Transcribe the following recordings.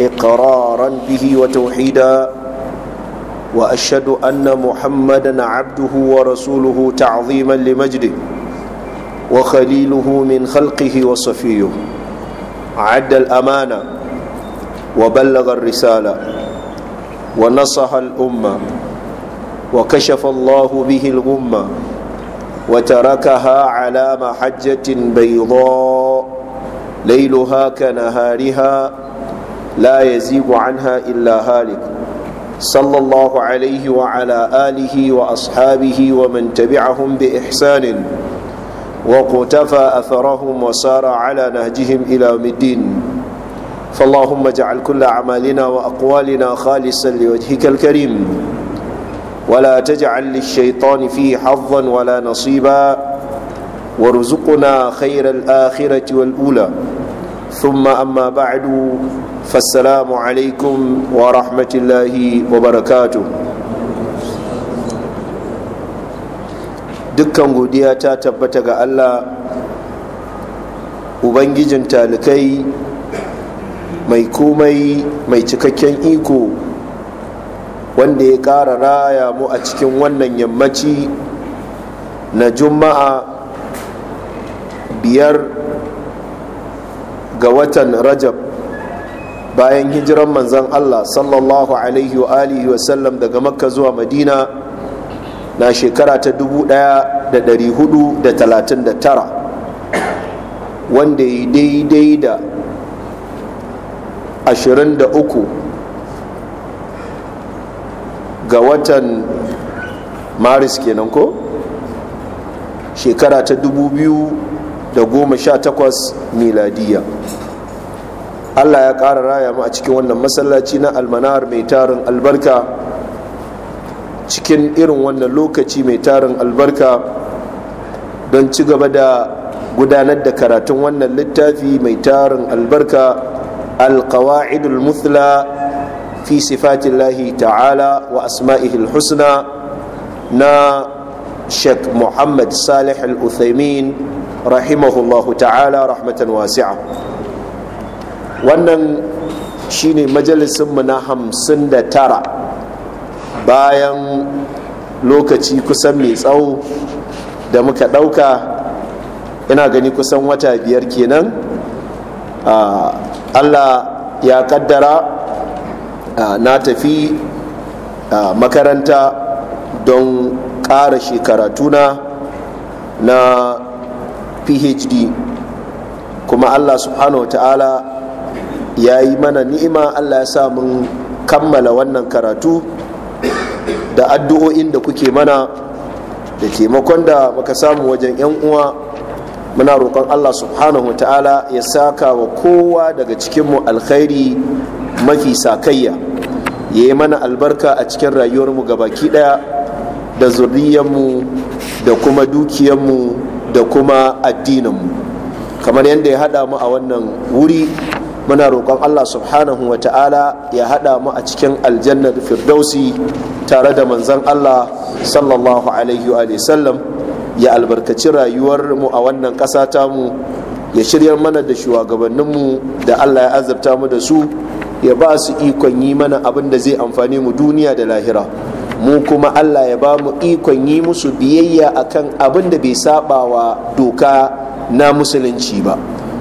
إقرارا به وتوحيدا وأشهد أن محمدا عبده ورسوله تعظيما لمجده وخليله من خلقه وصفيه عد الأمانة وبلغ الرسالة ونصح الأمة وكشف الله به الغمة وتركها على محجة بيضاء ليلها كنهارها لا يزيغ عنها إلا هالك صلى الله عليه وعلى آله وأصحابه ومن تبعهم بإحسان وقتفى أثرهم وسار على نهجهم إلى الدين فاللهم اجعل كل أعمالنا وأقوالنا خالصا لوجهك الكريم ولا تجعل للشيطان فيه حظا ولا نصيبا وارزقنا خير الآخرة والأولى ثم أما بعد فالسلام عليكم ورحمة الله وبركاته dukkan godiya ta tabbata ga Allah Ubangijin talikai mai komai mai cikakken iko wanda ya ƙara raya mu a cikin wannan yammaci na juma'a biyar ga watan rajab bayan hijiran manzan allah sallallahu alaihi wa alihi wa sallam daga makka zuwa madina na shekara ta 1439 wanda ya daidai da 23 ga watan maris kenan ko shekara ta 2000 da goma sha takwas miladiya allah ya ƙara raya mu a cikin wannan masallaci na almanar mai tarin albarka cikin irin wannan lokaci mai tarin albarka don ci gaba da gudanar da karatun wannan littafi mai tarin albarka alkawa'idul muthla fi sifatillahi ta'ala wa asma'ihil husna na sheikh muhammad salih al-uthaymin rahimahullahu ta'ala rahmatan wasi'a wannan shine majalisinmu na hamsin da tara bayan lokaci kusan mai tsawo da muka ɗauka ina gani kusan wata biyar kenan allah ya kaddara na tafi makaranta don ƙara shekaratuna na phd kuma allah subhanahu wa ta'ala ya yi mana ni'ima allah ya sa mun kammala wannan karatu da addu'o'in da kuke mana da taimakon da muka samu wajen 'yan uwa muna roƙon allah subhanahu wa ta'ala ya saka wa kowa daga cikinmu alkhairi mafi sakayya ya yi mana albarka a cikin rayuwarmu gabaki ɗaya da zurriyarmu da kuma dukiyarmu da kuma addininmu kamar yadda ya haɗa mu a wannan wuri muna roƙon Allah subhanahu wa ta'ala ya haɗa mu a cikin aljannar firdausi tare da manzan Allah sallallahu alaihi wa sallam ya albarkaci rayuwar mu a wannan ƙasa tamu ya shiryar mana da shugabanninmu da Allah ya azabta mu da su ya ba su ikon yi mana abin da zai amfani mu duniya da lahira mu kuma Allah ya ba mu ikon yi musu biyayya akan abin da bai saba wa doka na musulunci ba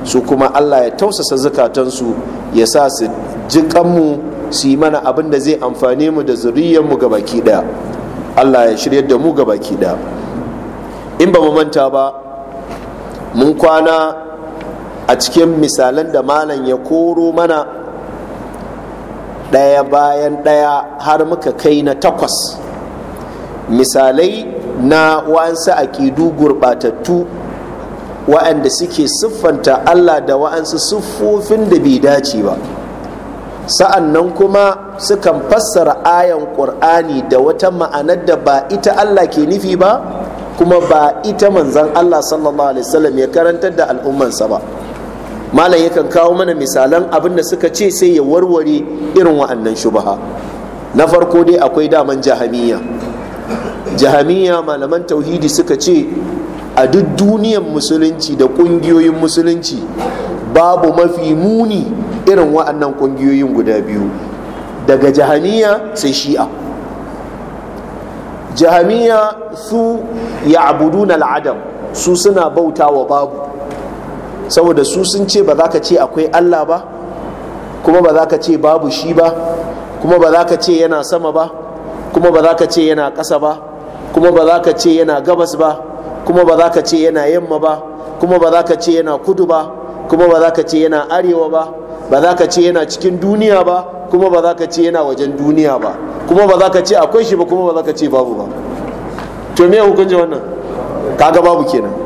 su kuma Allah ya tausasa zukatansu ya sa su ji kanmu su yi mana abin da zai amfani mu da zuriyarmu ga baki ɗaya Allah ya shiryar da mu ga baki in ba mu manta ba mun kwana a cikin misalan da malam ya koro mana ɗaya bayan ɗaya har muka kai na takwas misalai na wa'ansu aƙidu gurɓatattu wa'anda suke siffanta allah da wa'ansu siffofin da bai dace ba sa'an nan kuma sukan fassara ayan ƙur'ani da wata ma'anar da ba ita allah ke nufi ba kuma ba ita manzan allah sallallahu alaihi wasallam ya karantar da al'ummansa ba malam yakan kawo mana misalan abin da suka ce sai ya warware irin wa'annan shubaha na farko dai akwai daman jahamiya jahamiya malaman tauhidi suka ce a duk duniyan musulunci da ƙungiyoyin musulunci babu mafi muni irin wa'annan ƙungiyoyin guda biyu daga jahamiya sai shi'a jahamiya su ya na al'adam su suna bauta wa babu saboda su sun ce ba za ka ce akwai Allah ba kuma ba za ka ce babu shi ba kuma ba za ka ce yana sama ba kuma ba za ka ce yana ƙasa ba kuma ba za ka ce yana gabas ba kuma ba za ka ce yana yamma ba kuma ba za ka ce yana kudu ba kuma ba za ka ce yana arewa ba ba za ka ce yana cikin duniya ba kuma ba za ka ce yana wajen duniya ba kuma ba za ka ce akwai shi ba kuma ba za ka ce babu ba to me hukunci wannan kaga babu kenan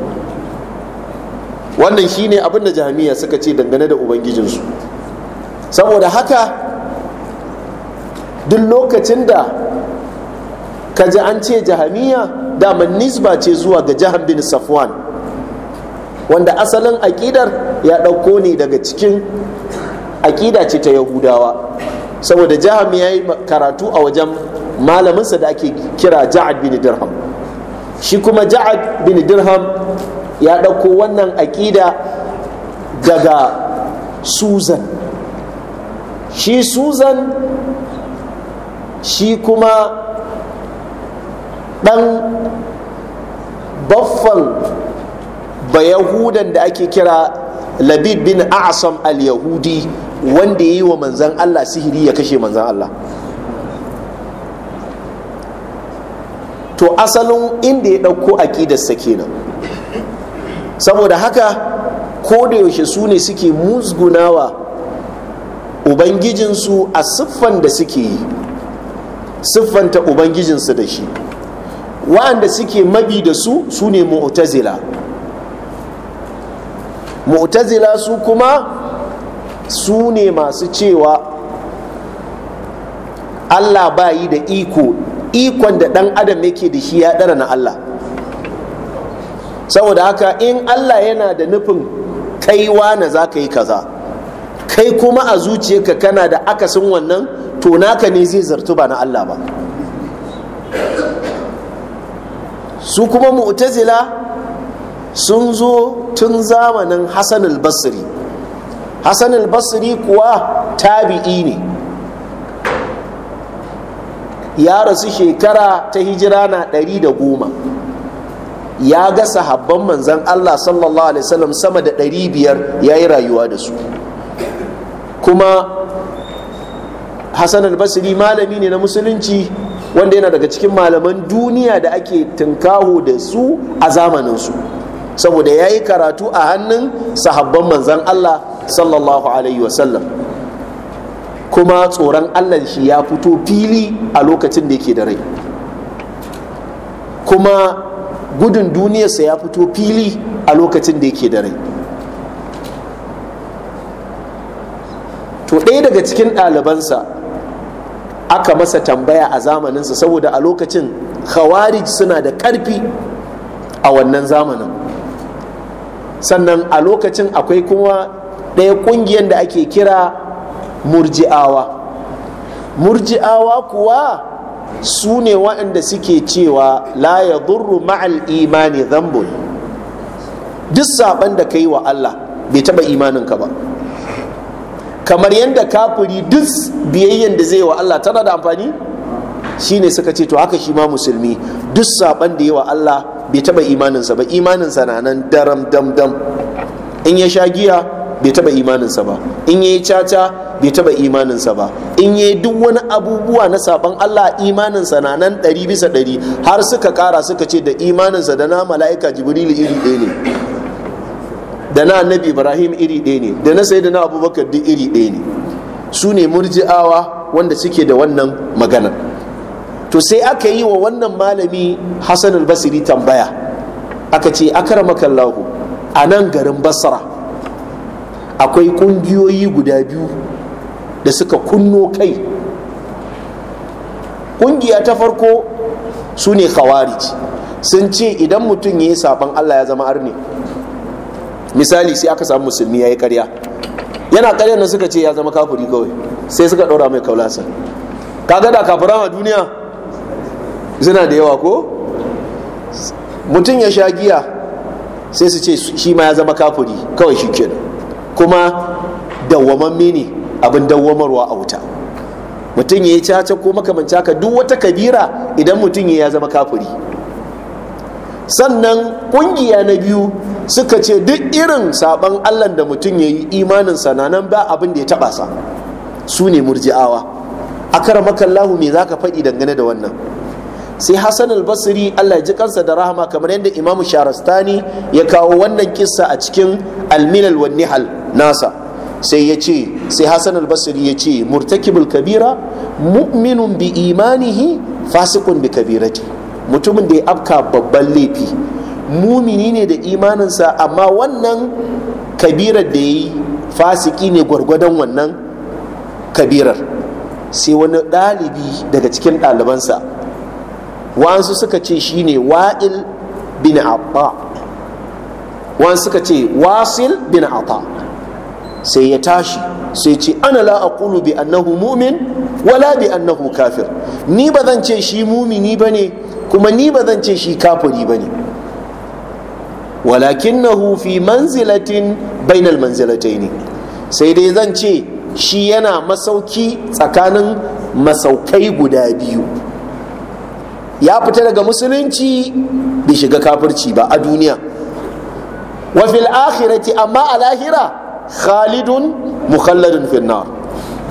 wannan shine abin da jami'a suka ce dangane da ubangijinsu saboda haka duk lokacin da ka ji an ce jahamiya dama nisba ce zuwa ga jihar bin safwan wanda asalin aƙidar ya ɗauko ne daga cikin aƙida ce ta yahudawa saboda jaham ya yi karatu a wajen malaminsa da ake kira ja'ad bin dirham shi kuma ja'ad bin dirham ya ɗauko wannan aƙida daga susan shi susan shi kuma ɗan baffan bayahudan da ake kira labid bin asam al-yahudi wanda ya yi wa manzan allah sihiri ya kashe manzan allah to asalin inda ya ɗauko aƙidarsa kenan saboda haka ko da yaushe su ne suke musgunawa ubangijinsu a siffan da suke yi siffanta ubangijinsu da shi wa'anda suke mabi da su su ne mu'tazila mu'tazila su kuma su ne masu cewa allah ba yi da iko ikon da ɗan adam yake da shi ya ɗara na allah saboda haka in Allah yana da nufin kai wane za ka yi kaza kai kuma a zuciyarka kana da akasin wannan to naka ne zai zartu ba na Allah ba su kuma mu'tazila sun zo tun zamanin Hassan al-Basri Hassan al-Basri kuwa tabi'i ne ya rasu shekara ta hijira na ɗari da goma ya ga sahabban manzan Allah sallallahu alaihi wasallam sama da ɗari biyar ya yi rayuwa da su kuma Hassan al malami ne na musulunci wanda yana daga cikin malaman duniya da ake tunkaho da su a zamanin su saboda ya yi karatu a hannun sahabban manzan Allah sallallahu alaihi wasallam kuma tsoron Allah shi ya fito fili a lokacin da yake da rai kuma gudun duniyarsa ya fito fili a lokacin da yake da rai to ɗaya daga cikin ɗalibansa aka masa tambaya a zamaninsa saboda a lokacin khawarij suna da ƙarfi a wannan zamanin sannan a lokacin akwai kuma ɗaya ƙungiyar da ake kira murji'awa murji'awa kuwa su ne waɗanda suke cewa la ya zurru ma'al imani zambun duk saɓan da ka yi wa Allah bai taɓa imaninka ba kamar yadda kafiri duk biyayyen da zai wa Allah tana da amfani Shi ne suka ce to haka shi ma musulmi duk saɓan da yi wa Allah bai taɓa imaninsa ba imaninsa na nan daram dam dam in ya sha giya bai taɓa imaninsa ba in ya yi caca bai taba imaninsa ba in yi duk wani abubuwa na saban Allah imaninsa na nan ɗari bisa ɗari har suka ƙara suka ce da imaninsa da na mala'ika jibrilu iri ɗaya ne da na annabi ibrahim iri ɗaya ne da na sai na abubakar duk iri ɗaya ne su ne murji'awa wanda suke da wannan magana to sai aka yi wa wannan malami hasan al-basri tambaya aka ce akaramakallahu a nan garin basra akwai ƙungiyoyi guda biyu da suka kunno kai ƙungiya ta farko su ne khawarij sun ce idan mutum ya yi saɓon allah ya zama arne misali sai aka samu musulmi ya yi karya yana karyar na suka ce ya zama kafuri kawai sai suka ɗora mai kaulasa kaga da kafura a duniya suna da yawa ko mutum ya sha giya sai su ce shi ma ya zama kafuri kawai shi kuma dawwamamme ne abin dawwamarwa a wuta mutum ya yi caca ko makamanci haka duk wata kabira idan mutum ya zama kafuri. sannan kungiya na biyu suka ce duk irin saban allah da mutum ya yi imanin sananan ba abin da ya taba sa su ne murji'awa A kara makallahu me ka faɗi dangane da wannan sai hassan al allah ji kansa da rahama kamar yadda imamu sharastani ya kawo wannan kissa a cikin alminal wa nihal nasa sai ya ce sai hassan albasiri ya ce murtakibul kabira mu'minun bi imanihi fasikun bi kabirati mutumin da ya afka babban laifi mumini ne da imaninsa amma wannan kabirar da ya yi fasiki ne gwargwadon wannan kabirar sai wani ɗalibi daga cikin ɗalibansa wa'ansu suka ce shine wa'il bin abba wa'ansu suka ce wasil bin abba sai ya tashi sai ce ana la aqulu bi annahu mu'min wala bi annahu kafir ni ba zan ce shi mumini bane kuma ni ba zan ce shi kafiri bane walakinnahu fi manzilatin bainal ne sai dai zan ce shi yana masauki tsakanin masaukai guda biyu ya fita daga musulunci bai shiga kafirci ba a duniya wa fil akhirati amma a lahira khalidun mukhalladun finna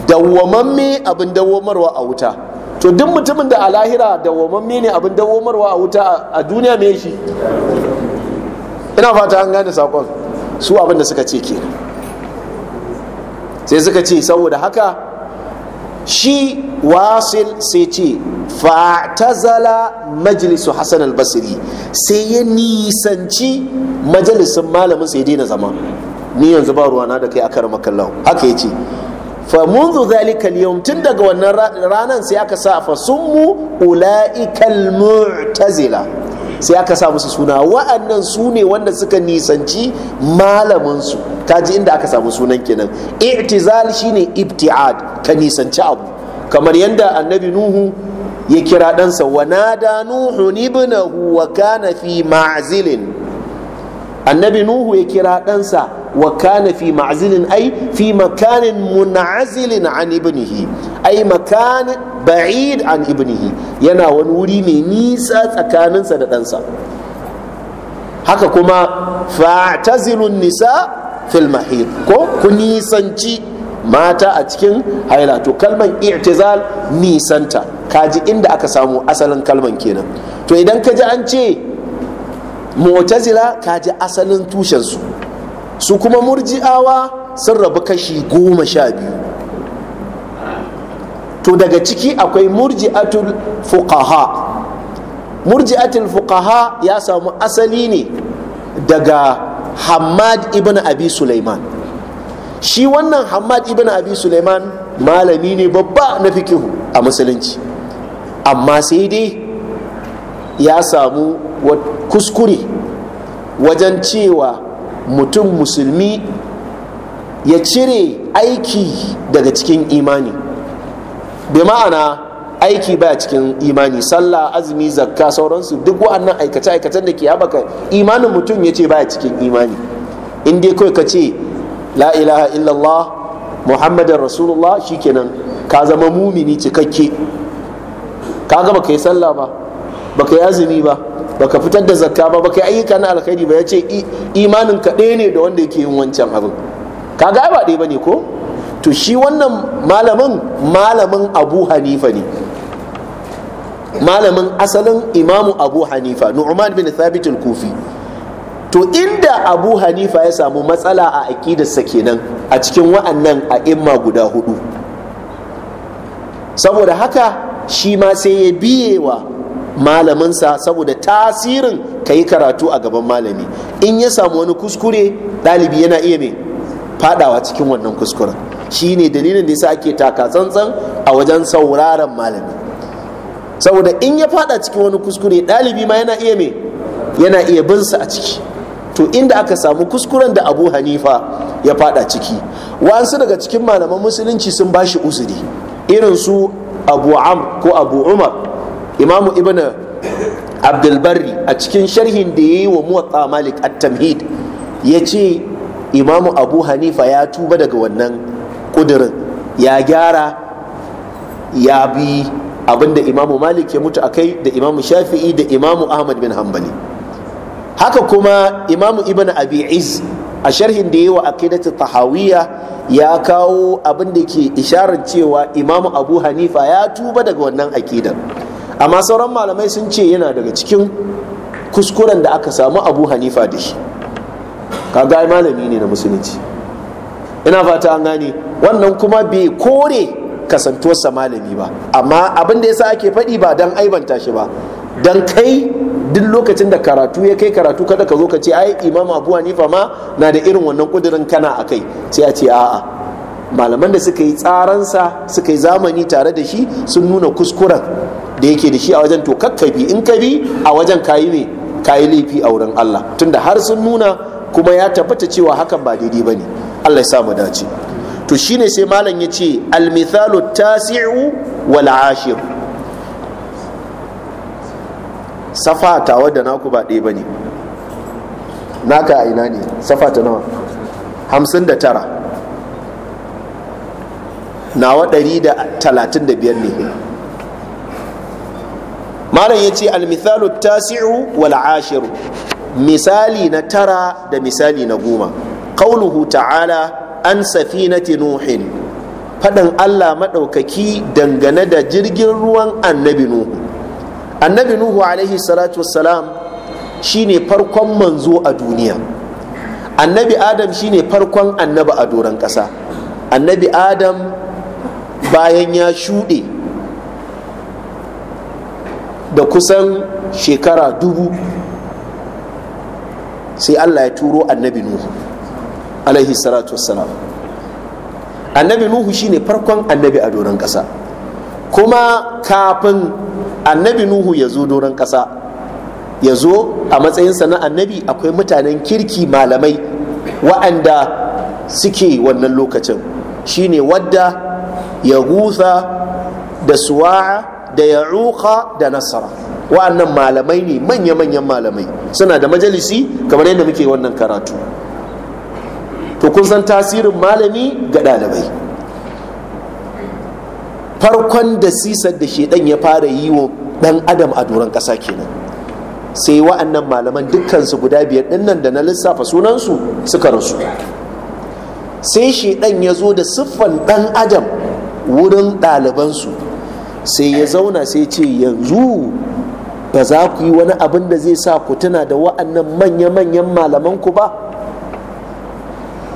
dawwamamme abin dawwamarwa a wuta to duk mutumin da a lahira dawwamamme ne abin dawwamarwa a wuta a duniya me shi ina fata an gane sakon su abin da suka ce kenan sai suka ce saboda haka shi wasil sai ce fatazala majalisu hassan albasiri sai ya nisanci majalisun malamin sai daina zama ni yanzu ba ruwana da kai a karama kallon haka ya ce fa munzu zalika al tun daga wannan ranan sai aka sa fa summu ula'ikal mu'tazila sai aka sa musu suna wa'annan su ne wanda suka nisanci malaminsu ta ji inda aka samu sunan kenan i'tizal shine ibti'ad ka nisanci abu kamar yadda annabi nuhu ya kira ɗansa wa nada nuhu ibnahu wa kana fi ma'zilin annabi nuhu ya kira ɗansa wa kana fi ma'zilin ai fi makanin munazilin an ibnihi ai makanin ba'id an ibnihi yana wani wuri mai nisa tsakaninsa da ɗansa haka kuma fa'tazilun nisa fil mahid ko ku nisanci mata a cikin haila to kalman i'tizal nisanta kaji inda aka samu asalin kalman kenan to idan ka ji an ce Motazila mu'tazila ji asalin tushensu su kuma murji'awa sun rabu kashi goma sha biyu to daga ciki akwai murji'atul fuqaha murji'atul fuqaha ya samu asali ne daga hamad ibn abi sulaiman shi wannan hamad ibn abi sulaiman malami ne babba na fikihu a musulunci amma sai dai ya samu kuskure wajen cewa mutum musulmi ya cire aiki daga cikin imani bi ma'ana aiki baya cikin imani sallah azumi zakka sauransu duk wa'annan aikace-aikacen da ke haɓaka imanin mutum ya ce baya cikin imani in dai kawai ka ce la ilaha illallah muhammadin rasulullah shikenan ka zama mumini cikakke ka gaba ka yi sallah ba baka yi azumi ba baka fitar da zakka ba baka yi ayyuka na alkhairi ba yace imanin ka ɗaya ne da wanda yake yin wancan abin kaga ai ba ɗaya bane ko to shi wannan malamin malamin Abu Hanifa ne malamin asalin imamu Abu Hanifa Nu'man bin Thabit al-Kufi to inda Abu Hanifa ya samu matsala a aqidarsa kenan a cikin wa'annan a imma guda hudu saboda haka shi ma sai ya biye wa malaminsa saboda tasirin ka yi karatu a gaban malami in ya samu wani kuskure ɗalibi yana iya mai fadawa cikin wannan kuskuren shi ne dalilin da yasa ake taka tsantsan a wajen sauraron malami saboda in ya fada cikin wani kuskure ɗalibi ma yana iya mai yana iya binsa a ciki to inda aka samu kuskuren da abu hanifa ya fada ciki wasu daga cikin malaman musulunci sun bashi uzuri irin su abu amr ko abu umar imamu ibn abdulbarri a cikin sharhin da ya yi wa muwatta malik at-tamhid ya ce imamu abu hanifa ya tuba daga wannan kudirin ya gyara ya bi abinda imamu malik ya mutu a kai da imamu shafi'i da imamu ahmad bin Hambali. haka kuma imamu ibn abi iz a sharhin da yi wa aqidatu tahawiyya ya kawo abinda ke isharar cewa imamu abu hanifa ya tuba daga wannan akidar amma sauran malamai sun ce yana daga cikin kuskuren da aka samu abu hanifa da shi kaga ai malami ne na musulunci ina fata an gane wannan kuma bai kore kasantuwarsa malami ba amma abin da yasa ake faɗi ba don aibanta shi ba don kai duk lokacin da karatu ya kai karatu kada ka zo ka ce ai imam abu hanifa ma na da irin wannan kudurin kana a kai sai a ce a'a malaman da suka yi tsaransa suka yi zamani tare da shi sun nuna kuskuren da yake da shi a wajen to kakkabi in ka bi a wajen kayi me kayi laifi a wurin Allah tunda har sun nuna kuma ya tabbata cewa hakan ba daidai bane Allah ya sa mu dace to shine sai malam ya ce mithalu tasi'u wal ashir safa ta wadda naku ba ɗaya bane naka a ina ne safa ta nawa hamsin da tara nawa ɗari da talatin da biyar ne malam yace al almithalu tasi'u wal ashiru misali na tara da misali na goma qauluhu ta'ala an safinati nuhin faɗin Allah maɗaukaki dangane da jirgin ruwan annabi nuhu annabi nuhu alaihi salatu wassalam shine farkon manzo a duniya annabi adam shine farkon annaba a doron ƙasa annabi adam bayan ya shuɗe da kusan shekara dubu sai allah ya turo annabi nuhu alaihi salatu wassalam annabi nuhu shine farkon annabi a doron ƙasa kuma kafin annabi nuhu ya zo doron ƙasa ya zo a matsayinsa na annabi akwai mutanen kirki malamai wa'anda suke wannan lokacin shine wadda ya gusa da suwa'a da ya'uqa da nasara wa'annan malamai ne manya-manyan malamai suna da majalisi kamar yadda muke wannan karatu to kun san tasirin malami ga ɗalibai farkon da sisar da shedan ya fara yi wa ɗan adam a doron ƙasa kenan sai wa'annan malaman dukkansu guda biyar ɗinnan da na lissafa sunansu suka rasu sai shedan ya zo da siffan ɗan adam wurin ɗalibansu sai ya zauna sai ce yanzu ba za ku yi wani abin da zai sa ku tuna da wa'annan manya-manyan malaman ku ba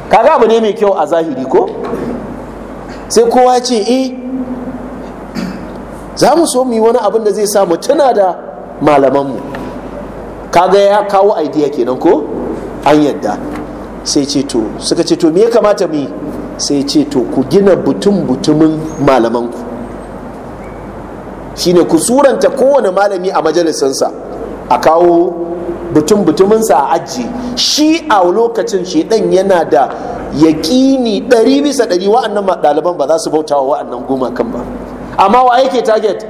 kaga abu ne mai kyau a zahiri ko sai kowa ce e, za mu so mu yi wani abin da zai sa mu tuna da malamanmu kaga ya kawo idea kenan ko an yadda sai ce to suka ce to me ya kamata mu yi sai ce to ku gina butun butumin malamanku shine ku suranta kowane malami a majalisinsa a kawo butum butuminsa a ajiye shi a lokacin shi dan yana da yakini ɗari bisa ɗari wa'annan ɗaliban ba za su bauta wa wa'annan gumakan ba amma wa yake target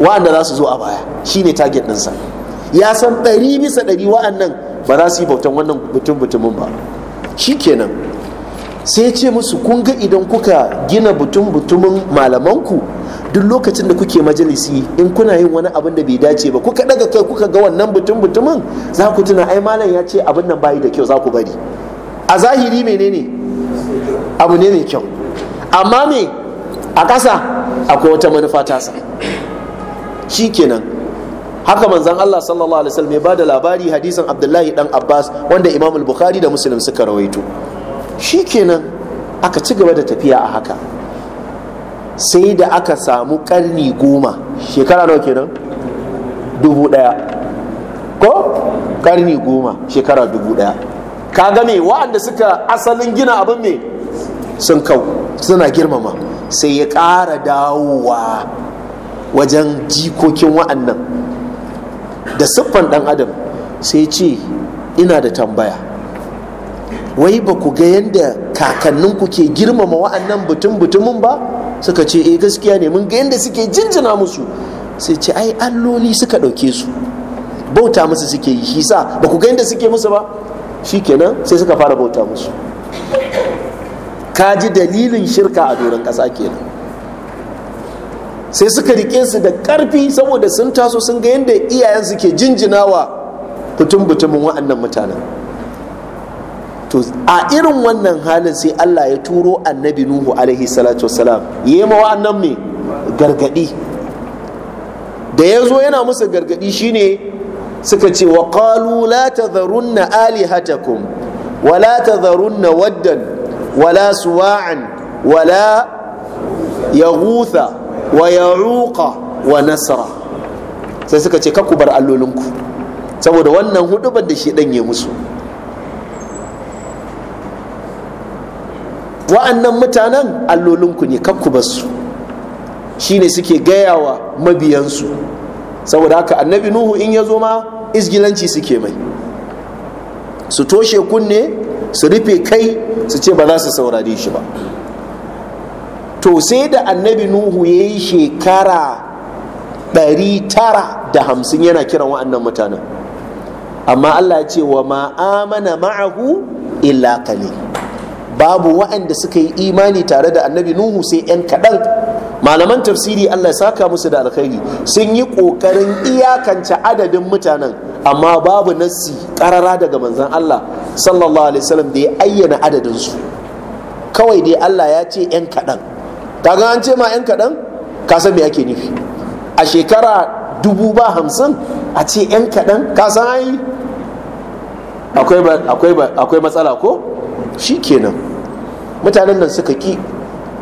wa'anda za su zo a baya shine target ɗinsa ya san ɗari bisa ɗari wa'annan ba za su yi bautan wannan butum butumin ba shikenan sai ce musu kun ga idan kuka gina butun butumin malamanku duk lokacin da kuke majalisi in kuna yin wani abin da bai dace ba kuka daga kai kuka ga wannan butun butumin za ku tuna ai malam ya ce abin nan bayi da kyau za ku bari a zahiri menene abu ne mai kyau amma me a ƙasa akwai wata manufa tasa kenan haka manzan Allah sallallahu alaihi wasallam ya bada labari hadisin Abdullahi dan Abbas wanda Imamul Bukhari da Muslim suka rawaito shi kenan aka ci gaba da tafiya a haka sai da aka samu karni goma shekara nawa kenan dubu daya ko karni goma shekara dubu daya ka me wa'anda suka asalin gina abin me sun kau suna girmama sai ya ƙara dawowa wajen jikokin wa'annan da siffan ɗan adam sai ce ina da tambaya wai ba ku ga yadda kakannin ku ke girmama wa'annan butun butumin ba suka ce eh gaskiya ne mun ga yadda suke jinjina musu sai ce ai alloli suka ɗauke su bauta musu suke yi shi sa ba ku ga yadda suke musu ba shi kenan sai suka fara bauta musu ka ji dalilin shirka a doron ƙasa kenan sai suka rike su da ƙarfi saboda sun taso sun ga yadda iyayen suke jinjinawa butun butumin wa'annan mutanen to a irin wannan halin sai Allah ya turo annabi Nuhu alaihi salatu wassalam yayi ma wa'annan me gargadi da ya zo yana musu gargadi shine suka ce wa qalu la tadharunna alihatakum wa la tadharunna waddan wala suwa'an wala yaghutha wa ya'uqa wa nasra sai suka ce kakku bar allolinku saboda wannan hudubar da shi ya musu wa'annan mutanen allolinku ne kakku basu shine suke gaya wa mabiyansu saboda haka annabi nuhu in ya zo ma izgilanci suke mai su toshe kunne su rufe kai su ce ba za su saurare shi ba to sai da annabi nuhu ya yi shekara hamsin yana kiran wa'annan mutanen amma allah ya ce wa ma'amana ma'ahu illa qalil babu wa'anda suka yi imani tare da annabi nuhu sai 'yan kaɗan malaman tafsiri allah saka musu da alkhairi sun yi ƙoƙarin iyakance adadin mutanen amma babu nassi ƙarara daga manzan allah sallallahu alaihi wasallam da ya ayyana adadinsu kawai dai allah ya ce 'yan kaɗan kaga an ce ma 'yan kaɗan ka san me ake nufi a shekara dubu ba hamsin a ce 'yan kaɗan ka san akwai matsala ko shi kenan mutanen nan suka ki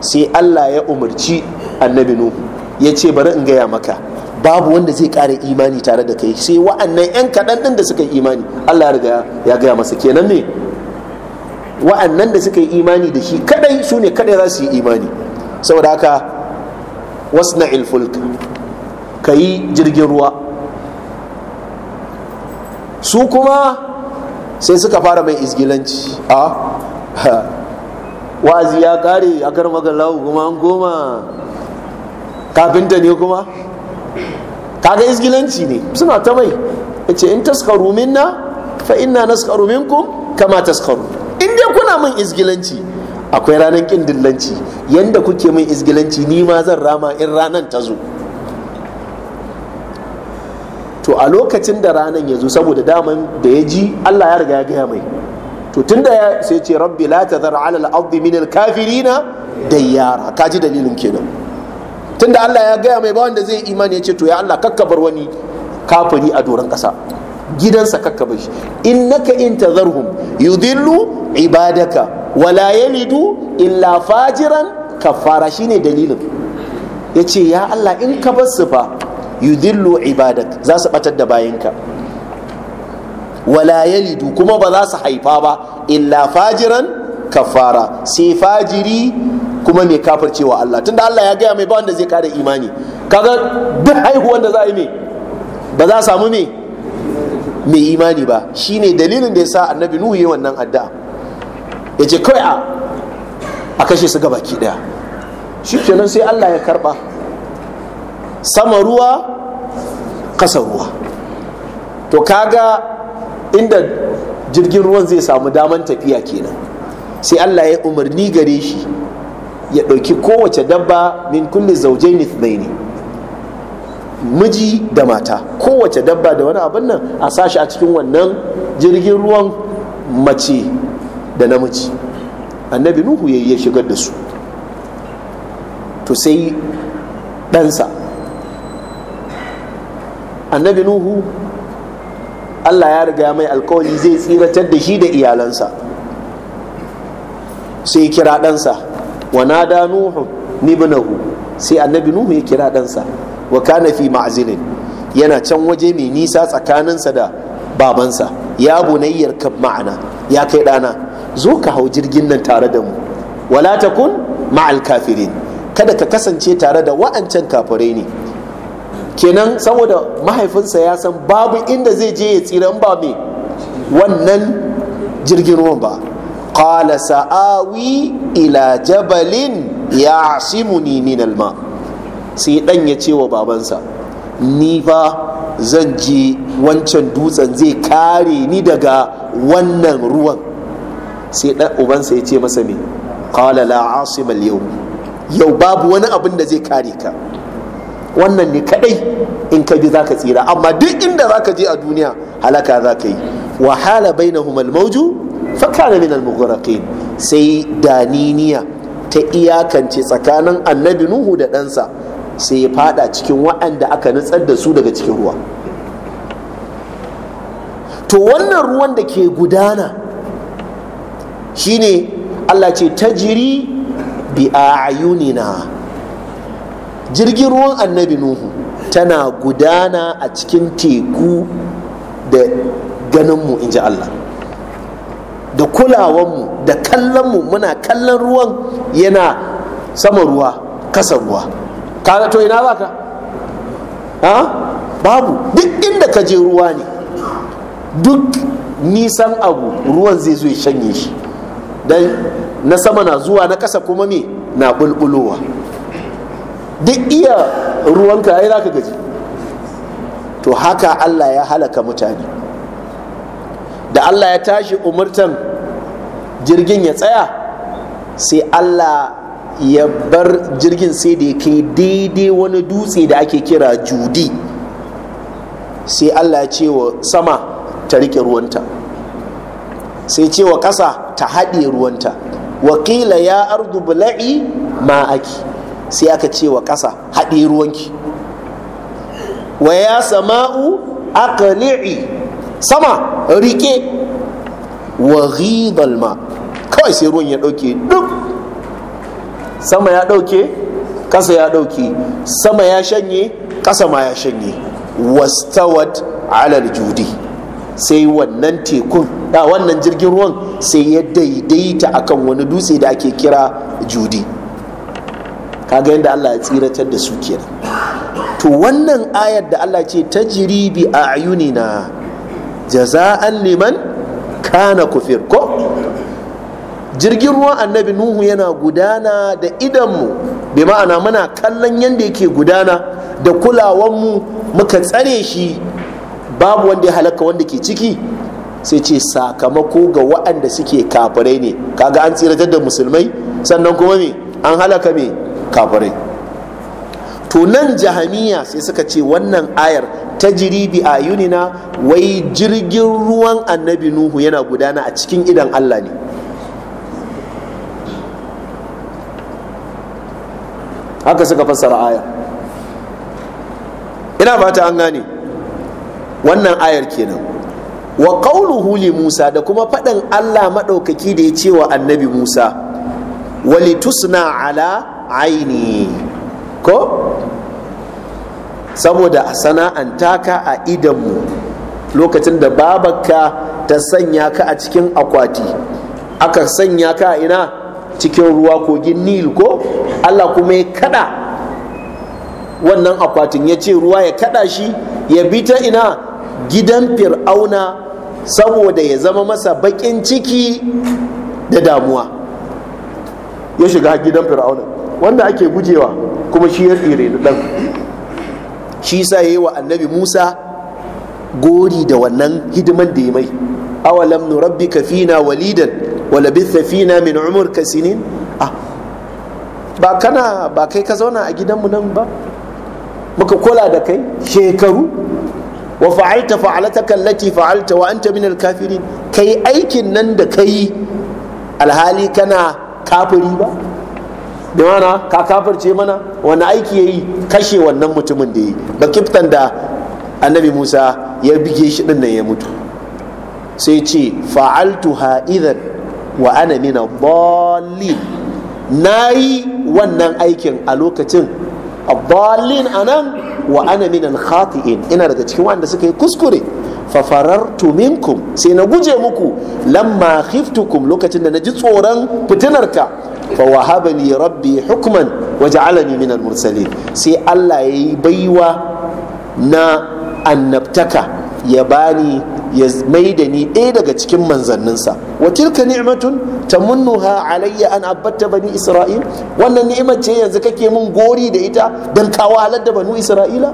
sai Allah ya umarci annabi nuhu ya ce bari in gaya maka babu wanda zai ƙara imani tare da kai sai wa'annan 'yan kaɗan ɗin da suka yi imani Allah ya gaya masa kenan ne wa'annan da suka yi imani da shi kadai su ne kadai za su yi imani saboda haka wasna ilfulk ka yi jirgin ruwa su kuma sai suka fara mai izgilanci ah, a wa'azi ya kare a karma lawo kuma an koma kafinta ne kuma kaga izgilanci ne suna ta mai ce in taskaru minna fa inna naskaru minkum kama taskaru in dai kuna min izgilanci akwai ranar kin yadda kuke min izgilanci ni ma zan rama in ranan ta zo to a lokacin da ranan ya zo saboda daman da ya ji allah ya riga ya gaya mai to tunda ya sai ce rabbi la tazar ala al-ardi min al-kafirina dayyara kaji dalilin kenan tunda Allah ya gaya mai ba wanda zai imani ya ce to ya Allah kakkabar wani kafiri a doron kasa gidansa kakkabar shi innaka in tazarhum yudillu ibadaka wala yalidu illa fajiran kafara shine dalilin yace ya Allah in ka bar su fa yudillu ibadak za su batar da bayinka wala yalidu kuma ba za su haifa ba illa fajiran kafara sai fajiri kuma mai kafircewa Allah tunda Allah ya gaya mai ba wanda zai kare imani kaga duk haihuwan da za a yi mai ba za a samu mai mai imani ba shine dalilin da ya sa annabi nuhu yi wannan addu'a ya ce kawai a a kashe su gabaki daya shi kenan sai Allah ya karba sama ruwa kasa ruwa to kaga inda jirgin ruwan zai samu daman tafiya kenan sai Allah ya umarni gare shi ya ɗauki kowace dabba min kulli mai thnaini miji da mata kowace dabba da wani abin nan a sashi a cikin wannan jirgin ruwan mace da namiji annabi nuhu ya shigar da su to sai ɗansa annabi nuhu Allah ya riga mai alkawari zai tsiratar da shi da iyalansa sai kira ɗansa wa nada nuhu nibnahu sai annabi nuhu ya kira ɗansa wa kana fi ma'zilin yana can waje mai nisa tsakaninsa da babansa ya bunayyar ka ma'ana ya kai ɗana zo ka hau jirgin nan tare da mu wala takun ma'al kafirin kada ka kasance tare da wa'ancan kafirai ne kenan saboda mahaifinsa ya san babu inda zai je ya tsira ba mai wannan jirgin ruwan ba qala sa'awi ila jabalin ya ni min alma sai dan ya ce wa babansa ni fa zan je wancan dutsen zai kare ni daga wannan ruwan sai dan ubansa ya ce masa me qala la asima al yau babu wani abin da zai kare ka wannan ne kadai in ka bi zaka tsira amma duk inda za ka je a duniya halaka zaka yi wa hala bainahum al mauju? fa kana min sai daniniya ta iyakance tsakanin annabi nuhu da ɗansa sai ya fada cikin waɗanda aka nutsar da su daga cikin ruwa to wannan ruwan da ke gudana shine Allah ce ta jiri bi ayunina jirgin ruwan annabi nuhu tana gudana a cikin teku da ganinmu in ji allah da kulawanmu da kallonmu muna kallon ruwan yana sama ruwa kasa ruwa kaga to ina baka ka babu duk inda ka je ruwa ne duk nisan abu ruwan zai zo ya shanye shi don na sama na zuwa na kasa kuma me na bulbulowa duk iya ruwanka ai za ka gaji to haka allah ya halaka mutane da allah ya tashi umurtan jirgin ya tsaya sai allah ya bar jirgin sai da ya kai daidai wani dutse da ake kira judi sai allah ya ce wa sama ta rike ruwanta sai ce wa ƙasa ta haɗe ruwanta wakila ya ardu bula'i ma'aki sai aka ce wa ƙasa haɗe ruwanki wa ya sama'u aqli'i sama rike wa kawai sai ruwan ya ɗauke duk sama ya ɗauke ƙasa ya ɗauke sama ya shanye ƙasa ma ya shanye wastawat alal judi sai wannan tekun da wannan jirgin ruwan sai ya daidaita akan wani dutse da ake kira judi kaga yadda Allah ya tsiratar da su kenan to wannan ayar da Allah ce ta jiri bi a na jaza'an liman kana kufir ko jirgin ruwan annabi nuhu yana gudana da idanmu bi ma'ana muna kallon yadda yake gudana da kulawanmu muka tsare shi babu wanda ya halaka wanda ke ciki sai ce sakamako ga waɗanda suke kafirai ne kaga an tsiratar da musulmai sannan kuma me an halaka me kafirai to nan jahamiya sai suka ce wannan ayar ta jiribi a yunina wai jirgin ruwan annabi nuhu yana gudana a cikin idan allah ne haka suka fassara ayar ina fata an gane wannan ayar kenan wa qawluhu li Musa da kuma faɗin Allah maɗaukaki da ya ce wa annabi Musa walitusna ala aini ko saboda a sana'anta ka a idanmu lokacin da babarka ta sanya ka a cikin akwati aka sanya ka a ina cikin ruwa kogin nil ko allah kuma ya kada wannan akwatin ya ce ruwa ya kada shi ya bi ta ina gidan fir'auna saboda ya zama masa baƙin ciki da damuwa ya shiga gidan fir'auna wanda ake gujewa kuma shi ya tsire da ɗan shi sa ya yi wa annabi musa gori da wannan hidiman da ya mai awalam nurabbika fina walidan wa labitha fina min umur kasinin ah ba kana ba kai ka zauna a gidanmu nan ba muka kula da kai shekaru wa fa'alta fa'alataka allati fa'alta wa anta min al-kafirin kai aikin nan da kai alhali kana kafiri ba da mana ka kafirce mana wani aiki ya yi kashe wannan mutumin da ya yi ba kiftan da annabi musa ya bige shi ɗin nan ya mutu sai ce fa'altu ha'idan wa ana mina bolin na yi wannan aikin a lokacin bolin a nan wa ana mina khati'in ina daga cikin wanda suka yi kuskure fafarartu minkum sai na guje muku lamma khiftukum lokacin da na ji tsoron fitinarka fa wahabani rabbi hukman waje ja'alani min mursalin sai Allah ya yi baiwa na annabtaka ya bani ya mai da ni ɗaya daga cikin manzanninsa wa tilka ni'matun tamunnuha alayya an abatta bani isra'il wannan ni'imar ce yanzu kake mun gori da ita dan kawo halar da banu isra'ila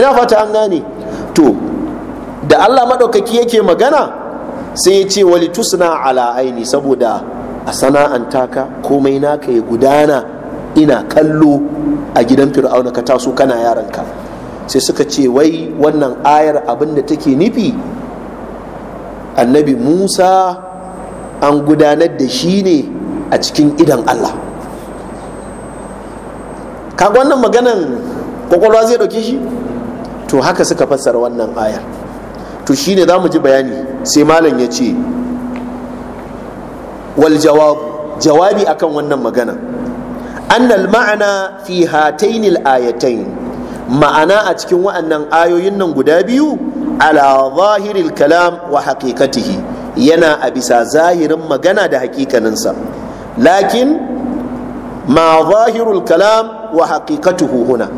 ina fata an gane to da Allah maɗaukaki yake magana sai ya ce wali tusna ala aini saboda a sana'anta ka komai naka ya gudana ina kallo a gidan fir'auna ka taso kana yaranka sai suka ce wai wannan ayar abinda take nufi annabi musa an gudanar da shi ne a cikin idan allah kaga wannan maganan kwakwalwa zai ɗauke shi to haka suka fassara wannan aya to shine za mu ji bayani sai malam ya ce wal jawabi akan wannan magana annal ma'ana fi hatainil ayatain ma'ana a cikin wa'annan ayoyin nan guda biyu ala zahiril kalam wa haqiqatihi yana a bisa zahirin magana da hakikaninsa lakin ma zahirul kalam wa haqiqatuhu huna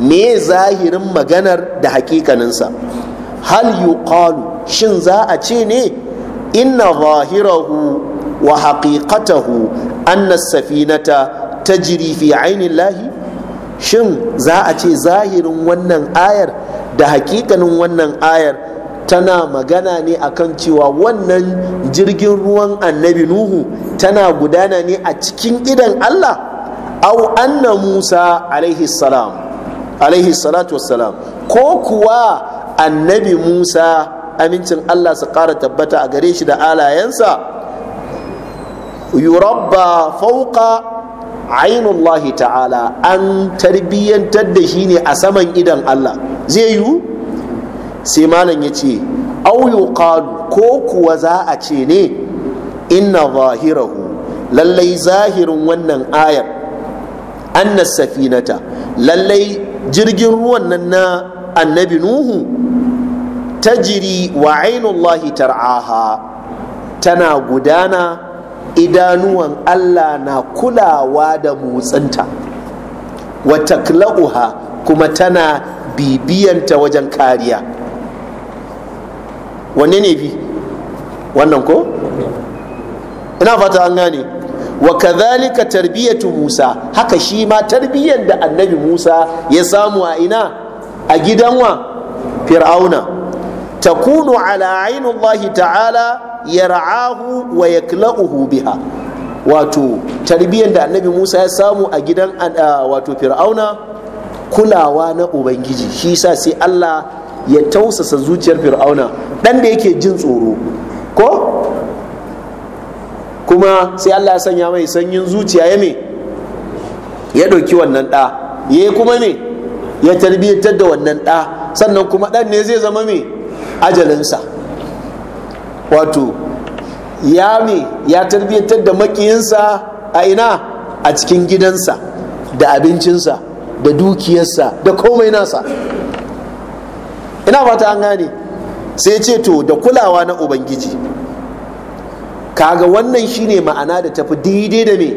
me zahirin maganar da hakikaninsa hal yuqalu shin za a ce ne inna zahirahu wa haqiqatahu anna safinata tajri fi aini lahi shin za a ce zahirin wannan ayar da hakikanin wannan ayar tana magana ne akan cewa wannan jirgin ruwan annabi nuhu tana gudana ne a cikin idan allah au anna musa alaihi salam alaihi salatu wassalam ko kuwa annabi musa amincin allah su ƙara tabbata a gare shi da alayensa yurabba fauka ainullahi ta'ala an tarbiyyantar da shi ne a saman idan allah zai yiwu sai malam ya ce auyu ko kuwa za a ce ne inna zahirahu lallai zahirin wannan ayar annas safinata lallai jirgin ruwan nan na annabi nuhu jiri wa tar'aha tana gudana idanuwan allah na kulawa da motsinta wata takla'uha kuma tana bibiyanta wajen kariya wanne ne bi wannan ko ina fata an gane wa kadhalika tarbiyatu Musa haka shi ma tarbiyyar da annabi Musa ya samu a ina a gidan wa fir'auna takunu ala ainullahi ta'ala yar'ahu wa yaklahu biha wato tarbiyyar da annabi Musa ya samu a gidan wato fir'auna kulawa na ubangiji shi yasa sai Allah ya tausasa zuciyar fir'auna dan da yake jin tsoro ko kuma sai Allah ya sanya mai sanyin zuciya ya me ya ɗauki wannan ɗa ya yi kuma me ya tarbiyyantar da wannan ɗa sannan kuma ɗan ne zai zama me ajalinsa wato ya me ya tarbiyyantar da makiyinsa a ina a cikin gidansa da abincinsa da dukiyarsa da komai nasa ina fata an gane sai ce to da kulawa na ubangiji kaga wannan shine ma'ana da tafi daidai da me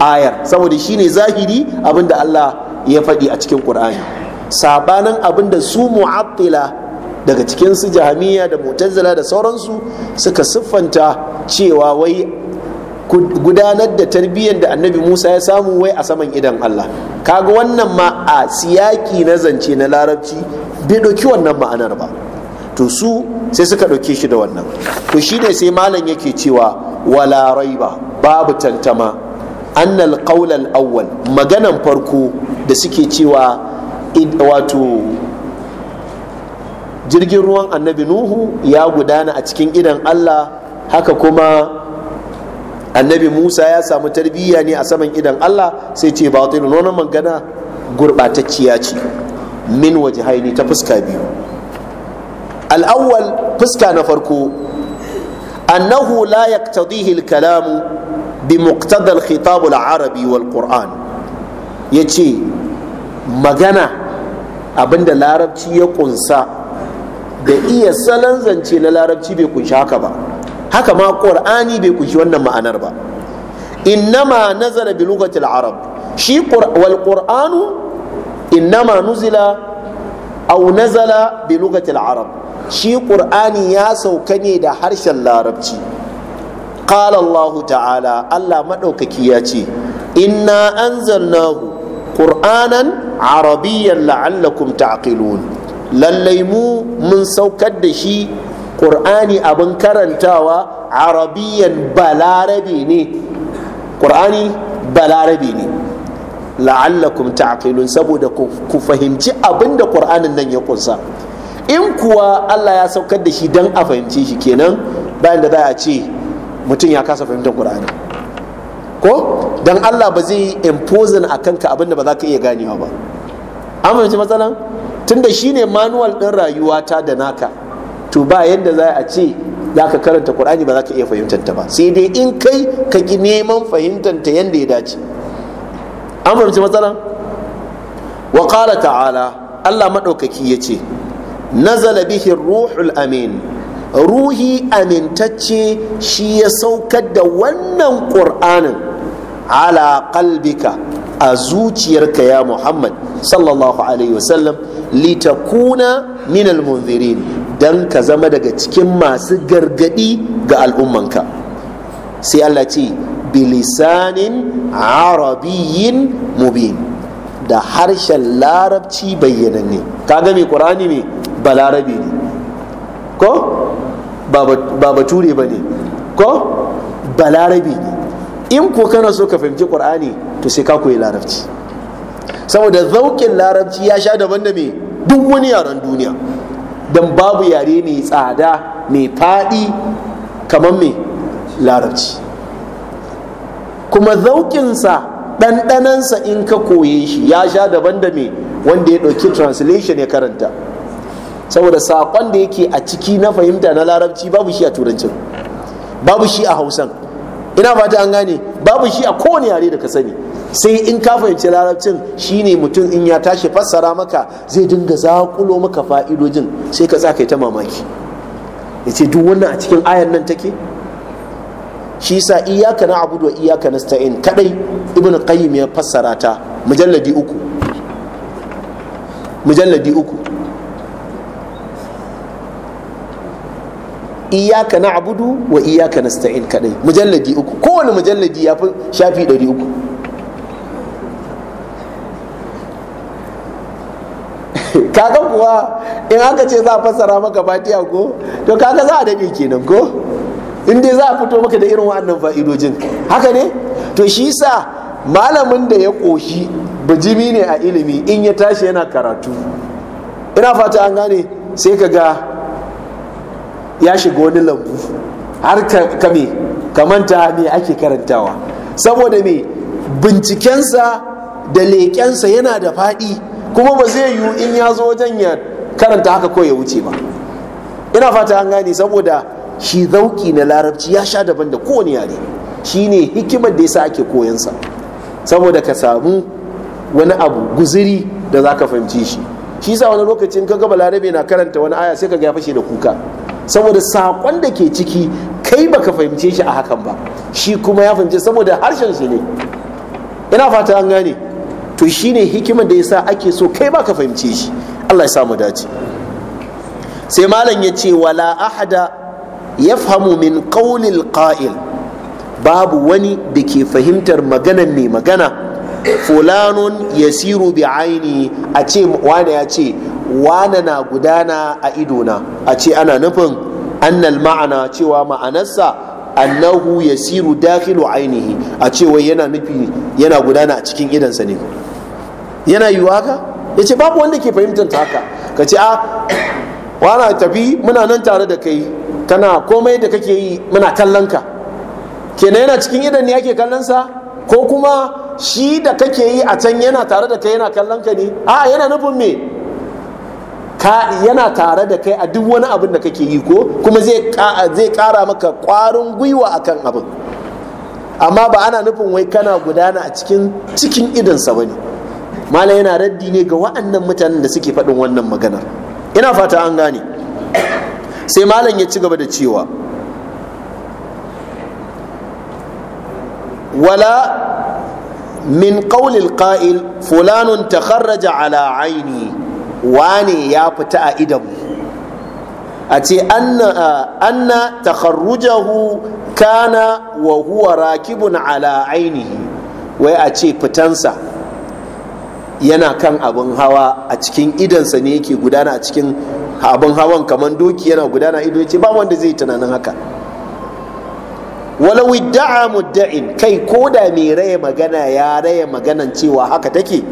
ayar saboda shine zahiri abinda Allah ya faɗi a cikin Qur'ani sabanin abinda su mu'attila daga cikin su jahamiya da mu'tazila da sauransu suka siffanta cewa wai gudanar da tarbiyyar da annabi Musa ya samu wai a saman idan Allah kaga wannan ma a siyaki na zance na larabci bai ɗauki wannan ma'anar ba to su sai suka ɗauke shi da wannan to shi ne sai malam yake cewa wala raiba babu tantama annal qaulal awwal maganan farko da suke cewa wato jirgin ruwan annabi nuhu ya gudana a cikin idan allah haka kuma annabi musa ya samu tarbiyya ne a saman idan allah sai ce ba wata magana gurɓatacciya ce min waje haini ta fuska biyu al'awwal fuska na farko annahu la yaqtadihi al-kalamu bi muqtada al-khitab yace magana abinda larabci ya kunsa da iya salon zance na larabci bai kunshi haka ba haka ma ƙur'ani bai kunshi wannan ma'anar ba innama nazala bi lugati arab shi wal qur'anu innama nuzila aw nazala bi lugatil arab shi ƙur'ani ya sauka ne da harshen larabci qala Allahu ta'ala Allah maɗaukaki ya ce inna anzalnahu qur'anan arabiyyan la'allakum ta'qilun lallai mu mun saukar da shi ƙur'ani abin karantawa arabiyyan balarabe ne ƙur'ani balarabe ne la'allakum ta'qilun saboda ku fahimci abinda da ƙur'anin nan ya kunsa in kuwa Allah ya saukar da shi don a fahimci shi kenan bayan da za ce mutum ya kasa fahimtar Qur'ani ko don Allah ba zai imposing a kanka abin da ba za ka iya ganewa ba an fahimci matsalan tunda ne manuwal ɗin rayuwata da naka to ba yadda za a ce za ka karanta Qur'ani ba za ka iya fahimtar ta ba sai dai in kai ka ki neman fahimtar ta yadda ya dace an fahimci matsalan wa ta'ala Allah maɗaukaki ya ce nazala bihi ruhul amin ruhi amintacce shi ya saukar da wannan ƙur'anin ala qalbika a zuciyarka ya muhammad sallallahu alaihi wasallam litakuna min almunzirin dan ka zama daga cikin masu gargadi ga al'ummanka sai allah ce bilisanin arabiyyin mubin da harshen larabci bayyananne kaga mai ƙur'ani ne balarabe ne ko ba bature ba ne ko balarabe ne in ko kana so ka fahimci ƙur'ani to sai ka koyi larabci saboda zauƙin larabci ya sha daban da me duk wani yaren duniya don babu yare mai tsada mai faɗi kamar mai larabci kuma zauƙinsa ɗanɗanansa in ka koye shi ya sha daban da me wanda ya ɗauki translation ya karanta saboda saƙon da yake a ciki na fahimta na larabci babu shi a turancin babu shi a hausan ina fata an gane babu shi a kowane yare da ka sani sai in ka fahimci larabcin shine mutum in ya tashi fassara maka zai dinga zakulo maka fa'idojin sai ka tsaka ta mamaki ya ce duk wannan a cikin ayan nan take shi sa iyaka na abudu wa iyaka na sta'in kadai ibn qayyim ya fassara ta mujalladi uku na abudu wa na sta'in kadai mujalladi uku kowane mujalladi ya fi shafi ɗari uku kaga kuwa in aka ce za a fassara maka fatiha ko to kaga za a daɗe kenan ko in dai za a fito maka da irin wa'annan fa'idojin haka ne to shi sa malamin da ya ƙoshi bijimi ne a ilimi in ya tashi yana karatu ina fata an gane sai ka ga ya shiga wani lambu har ka me kamar manta me ake karantawa saboda me bincikensa da leƙensa yana da faɗi kuma ba zai yiwu in ya zo wajen ya karanta haka ko ya wuce ba ina fata an gane saboda shi zauki na larabci ya sha daban da kowane yare shi ne hikimar da ya sa ake koyansa saboda ka samu wani abu guziri da za ka fahimci shi shi sa wani lokacin ga balarabe na karanta wani aya sai ka ga fashe da kuka saboda saƙon da ke ciki kai baka fahimce shi a hakan ba shi kuma ya fahimce saboda harshen shi ne ina fata an gane to shi ne hikimar da yasa ake so kai baka fahimce shi Allah ya sa mu dace sai malam ya ce wala ahada yafhamu min qawlil qa'il babu wani da ke fahimtar maganar mai magana fulanun yasiru bi aini a ce wani ya ce wane na gudana a idona a ce ana nufin annal ma'ana cewa ma'anarsa annahu yasiru dakhilu ainihi a cewa yana nufi yana gudana a cikin idansa ne yana yiwuwa haka ya ce babu wanda ke fahimtar ta haka ka ce a ah, wana tafi muna nan tare da kai kana komai da kake yi muna kallon ka kenan yana cikin idan ne ake kallon sa ko kuma shi da kake yi a can yana tare da kai yana kallon ka ne a yana nufin me ka yana tare da kai a duk wani abin da kake yi ko kuma zai zai kara maka kwarin gwiwa akan abin amma ba ana nufin wai kana gudana a cikin cikin idonsa ba ne malam yana raddi ne ga wa'annan mutanen da suke faɗin wannan maganar ina fata an gane sai malam ya ci gaba da cewa wala min qawlil qa'il fulanun takharraja ala aini wane ya fita a idanmu a ce anna takharrujahu kana wa huwa rakibun ala ainihi wai a ce fitansa yana kan abin hawa a cikin idansa ne yake gudana a cikin abin hawan kamar doki yana gudana ido ya ce ba wanda zai tunanin haka walau da'a mudda'in kai ko da mai raya magana ya raya maganan cewa haka take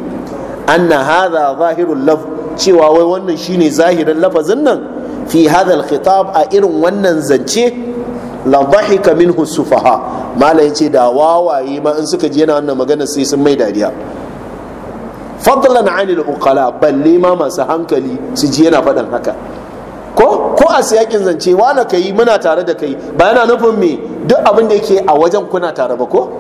anna hadha zahirul laf cewa wai wannan shine zahirin lafazin nan fi hadal, al-khitab a irin wannan zance la dhahika minhu sufaha mala yace da wawaye ma in suka ji yana wannan magana sai sun mai dariya fadlan anil uqala balle ma masu hankali su ji yana faɗan haka ko ko a siyakin zance wala kai muna tare da kai ba yana nufin me duk abin da yake a wajen kuna tare ba ko